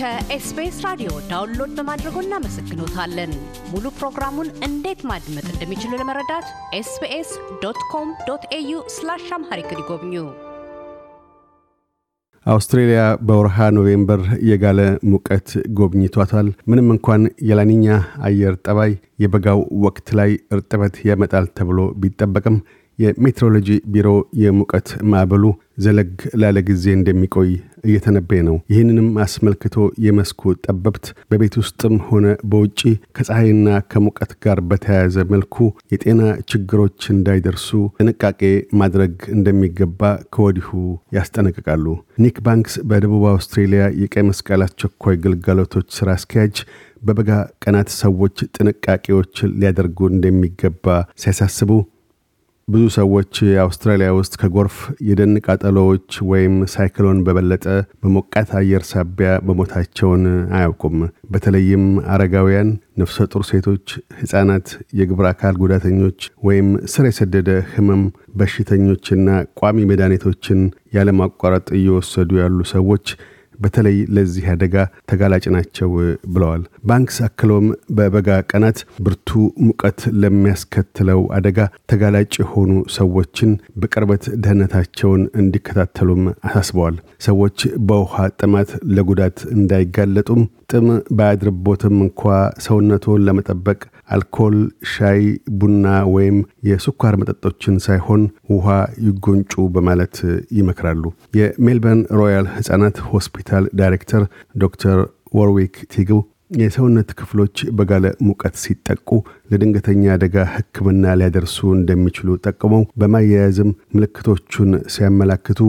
ከኤስቢኤስ ራዲዮ ዳውንሎድ በማድረጎ እናመሰግኖታለን። ሙሉ ፕሮግራሙን እንዴት ማድመጥ እንደሚችሉ ለመረዳት ኤስቢኤስ ዶት ኮም ዶት ኤዩ ስላሽ አምሃሪክ ይጎብኙ። አውስትሬሊያ በወርሃ ኖቬምበር የጋለ ሙቀት ጎብኝቷታል። ምንም እንኳን የላኒኛ አየር ጠባይ የበጋው ወቅት ላይ እርጥበት ያመጣል ተብሎ ቢጠበቅም የሜትሮሎጂ ቢሮ የሙቀት ማዕበሉ ዘለግ ላለ ጊዜ እንደሚቆይ እየተነበየ ነው። ይህንንም አስመልክቶ የመስኩ ጠበብት በቤት ውስጥም ሆነ በውጪ ከፀሐይና ከሙቀት ጋር በተያያዘ መልኩ የጤና ችግሮች እንዳይደርሱ ጥንቃቄ ማድረግ እንደሚገባ ከወዲሁ ያስጠነቅቃሉ። ኒክ ባንክስ በደቡብ አውስትሬልያ የቀይ መስቀል አስቸኳይ ግልጋሎቶች ስራ አስኪያጅ በበጋ ቀናት ሰዎች ጥንቃቄዎችን ሊያደርጉ እንደሚገባ ሲያሳስቡ ብዙ ሰዎች አውስትራሊያ ውስጥ ከጎርፍ፣ የደን ቃጠሎዎች ወይም ሳይክሎን በበለጠ በሞቃት አየር ሳቢያ በሞታቸውን አያውቁም። በተለይም አረጋውያን፣ ነፍሰ ጡር ሴቶች፣ ሕፃናት፣ የግብር አካል ጉዳተኞች ወይም ስር የሰደደ ህመም በሽተኞችና ቋሚ መድኃኒቶችን ያለማቋረጥ እየወሰዱ ያሉ ሰዎች በተለይ ለዚህ አደጋ ተጋላጭ ናቸው ብለዋል። ባንክስ አክለውም በበጋ ቀናት ብርቱ ሙቀት ለሚያስከትለው አደጋ ተጋላጭ የሆኑ ሰዎችን በቅርበት ደህንነታቸውን እንዲከታተሉም አሳስበዋል። ሰዎች በውሃ ጥማት ለጉዳት እንዳይጋለጡም ጥም ባያድርቦትም እንኳ ሰውነቱን ለመጠበቅ አልኮል፣ ሻይ፣ ቡና ወይም የስኳር መጠጦችን ሳይሆን ውሃ ይጎንጩ በማለት ይመክራሉ። የሜልበርን ሮያል ሕፃናት ሆስፒታል ዳይሬክተር ዶክተር ወርዊክ ቲግል የሰውነት ክፍሎች በጋለ ሙቀት ሲጠቁ ለድንገተኛ አደጋ ሕክምና ሊያደርሱ እንደሚችሉ ጠቅመው በማያያዝም ምልክቶቹን ሲያመላክቱ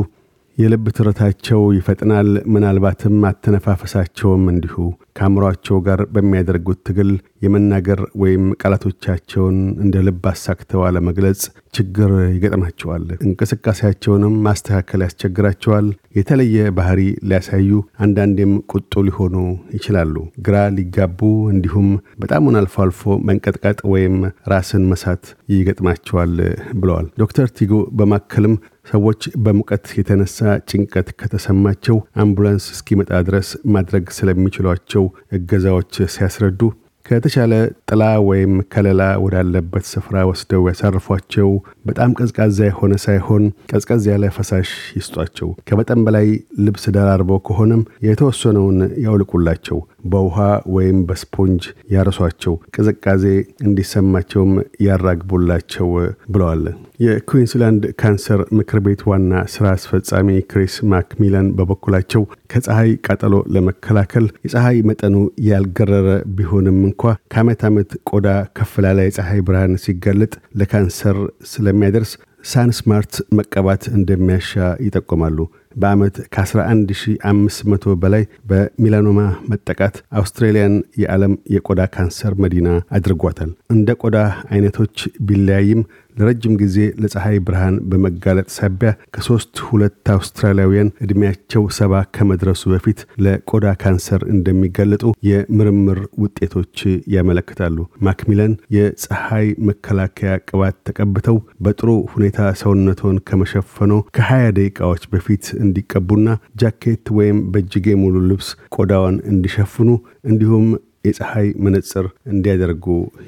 የልብ ትረታቸው ይፈጥናል፣ ምናልባትም አተነፋፈሳቸውም እንዲሁ ከአእምሯቸው ጋር በሚያደርጉት ትግል የመናገር ወይም ቃላቶቻቸውን እንደ ልብ አሳክተው አለመግለጽ ችግር ይገጥማቸዋል። እንቅስቃሴያቸውንም ማስተካከል ያስቸግራቸዋል። የተለየ ባህሪ ሊያሳዩ፣ አንዳንዴም ቁጡ ሊሆኑ ይችላሉ። ግራ ሊጋቡ፣ እንዲሁም በጣሙን አልፎ አልፎ መንቀጥቀጥ ወይም ራስን መሳት ይገጥማቸዋል ብለዋል ዶክተር ቲጎ በማከልም ሰዎች በሙቀት የተነሳ ጭንቀት ከተሰማቸው አምቡላንስ እስኪመጣ ድረስ ማድረግ ስለሚችሏቸው እገዛዎች ሲያስረዱ ከተቻለ ጥላ ወይም ከለላ ወዳለበት ስፍራ ወስደው ያሳርፏቸው። በጣም ቀዝቃዛ የሆነ ሳይሆን ቀዝቀዝ ያለ ፈሳሽ ይስጧቸው። ከመጠን በላይ ልብስ ደራርበው ከሆነም የተወሰነውን ያውልቁላቸው። በውሃ ወይም በስፖንጅ ያረሷቸው፣ ቅዝቃዜ እንዲሰማቸውም ያራግቡላቸው ብለዋል። የኩዊንስላንድ ካንሰር ምክር ቤት ዋና ስራ አስፈጻሚ ክሪስ ማክሚላን በበኩላቸው ከፀሐይ ቃጠሎ ለመከላከል የፀሐይ መጠኑ ያልገረረ ቢሆንም እንኳ ከዓመት ዓመት ቆዳ ከፍ ላለ የፀሐይ ብርሃን ሲጋለጥ ለካንሰር ስለሚያደርስ ሳንስማርት መቀባት እንደሚያሻ ይጠቁማሉ። በዓመት ከ11500 በላይ በሚላኖማ መጠቃት አውስትራሊያን የዓለም የቆዳ ካንሰር መዲና አድርጓታል። እንደ ቆዳ አይነቶች ቢለያይም ለረጅም ጊዜ ለፀሐይ ብርሃን በመጋለጥ ሳቢያ ከሶስት ሁለት አውስትራሊያውያን ዕድሜያቸው ሰባ ከመድረሱ በፊት ለቆዳ ካንሰር እንደሚጋለጡ የምርምር ውጤቶች ያመለክታሉ። ማክሚለን የፀሐይ መከላከያ ቅባት ተቀብተው በጥሩ ሁኔታ ሰውነቶን ከመሸፈኖ ከሀያ ደቂቃዎች በፊት እንዲቀቡና ጃኬት ወይም በእጅጌ ሙሉ ልብስ ቆዳዋን እንዲሸፍኑ እንዲሁም የፀሐይ መነጽር እንዲያደርጉ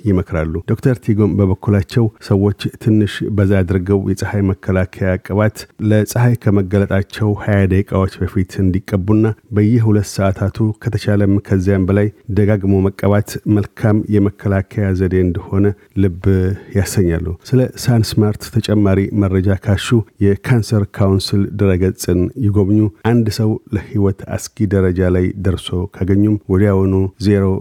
ይመክራሉ። ዶክተር ቲጎም በበኩላቸው ሰዎች ትንሽ በዛ አድርገው የፀሐይ መከላከያ ቅባት ለፀሐይ ከመገለጣቸው ሀያ ደቂቃዎች በፊት እንዲቀቡና በየሁለት ሰዓታቱ ከተቻለም ከዚያም በላይ ደጋግሞ መቀባት መልካም የመከላከያ ዘዴ እንደሆነ ልብ ያሰኛሉ። ስለ ሳንስማርት ተጨማሪ መረጃ ካሹ የካንሰር ካውንስል ድረገጽን ይጎብኙ። አንድ ሰው ለህይወት አስጊ ደረጃ ላይ ደርሶ ካገኙም ወዲያውኑ ዜሮ